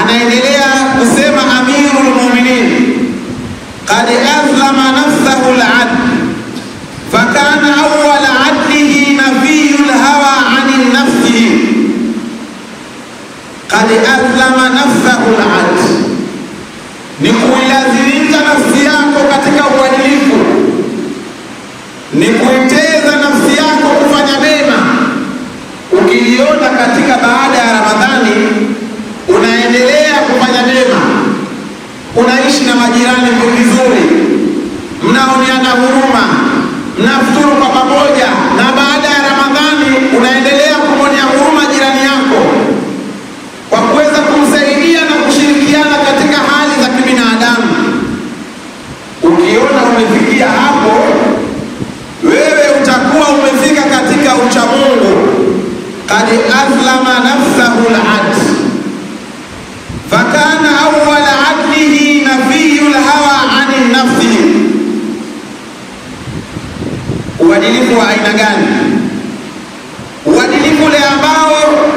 anaendelea kusema Amirul Mu'minin, qad azlama nafsahu al-'abd fakana awwala 'abdihi nafiyul hawa 'an nafsihi qad azlama majirani vizuri, mnaoneana huruma, mnafuturu kwa pamoja, na baada ya Ramadhani unaendelea kumwonea huruma jirani yako kwa kuweza kumsaidia na kushirikiana katika hali za kibinadamu. Ukiona umefikia hapo, wewe utakuwa umefika katika uchamungu. kad aslama nafsahu Uadilifu wa aina gani? Uadilifu ule ambao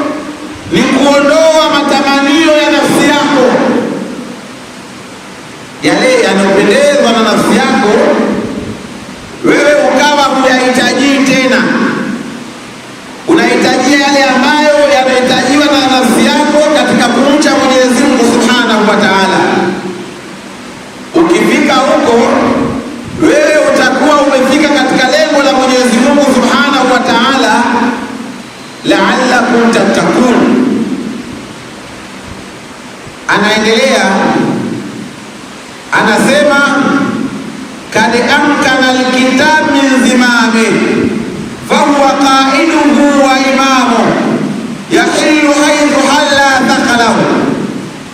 ni kuondoa matamanio ya nafsi yako, yale yanayopendezwa na nafsi yako wewe ukawa huyahitaji tena, unahitajia yale ambayo la'allakum tattaqun. Anaendelea anasema, kad amkana alkitab min zimami fahuwa qaiduhu wa imamu yahilu haithu halla thaqalahu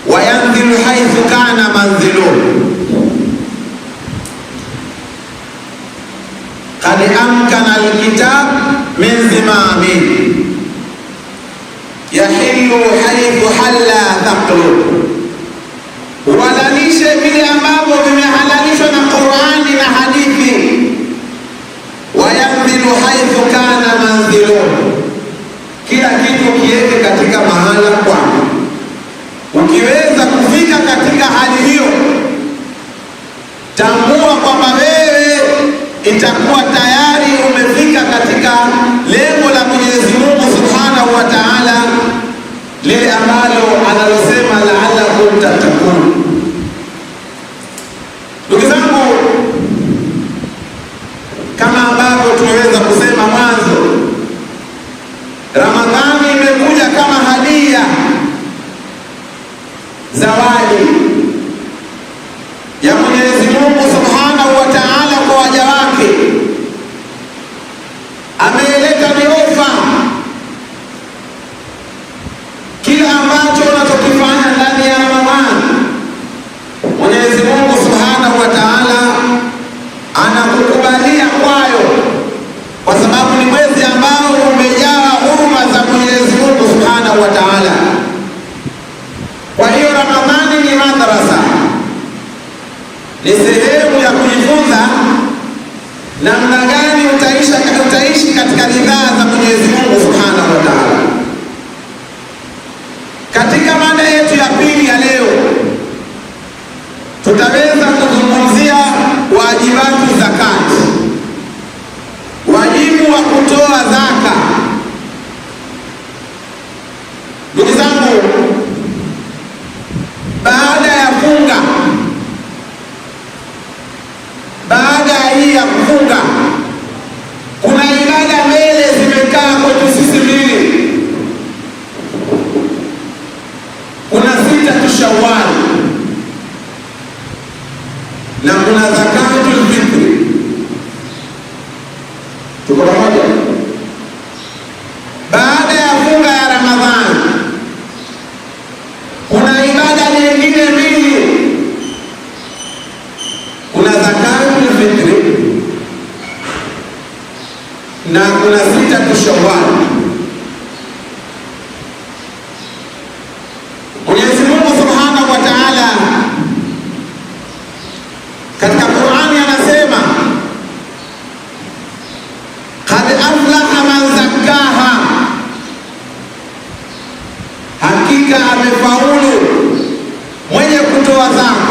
wa yanzilu haithu kana manziluhu kad amkana alkitab min zimami yahillu haithu halla taqtulun, uhalalishe vile ambavyo vimehalalishwa na Qur'ani na hadithi. Wayamdilu haithu kana manzilu kila kitu kiweke katika mahala kwako. Ukiweza kufika katika hali hiyo, tambua kwamba wewe itakuwa tayari umefika katika lengo lile ambalo analosema laalakum tatakun Ndugu zangu, kama ambavyo tumeweza kusema mwanzo, Ramadhani imekuja kama hadia, zawadi ya Mwenyezi Mungu Subhanahu wa Ta'ala kwa waja wake, ameeleta miofa ni sehemu ya kujifunza namna gani utaishi katika ridhaa za Mwenyezi Mungu Subhanahu wa Ta'ala. Katika mada yetu ya pili ya leo tutaweza kuzungumzia wajibatu zakati, wajibu wa ya kufunga. Kuna ibada mbele zimekaa kwetu sisi mbili, kuna sita tushawali na kuna zakatul fitri tuko Rosa.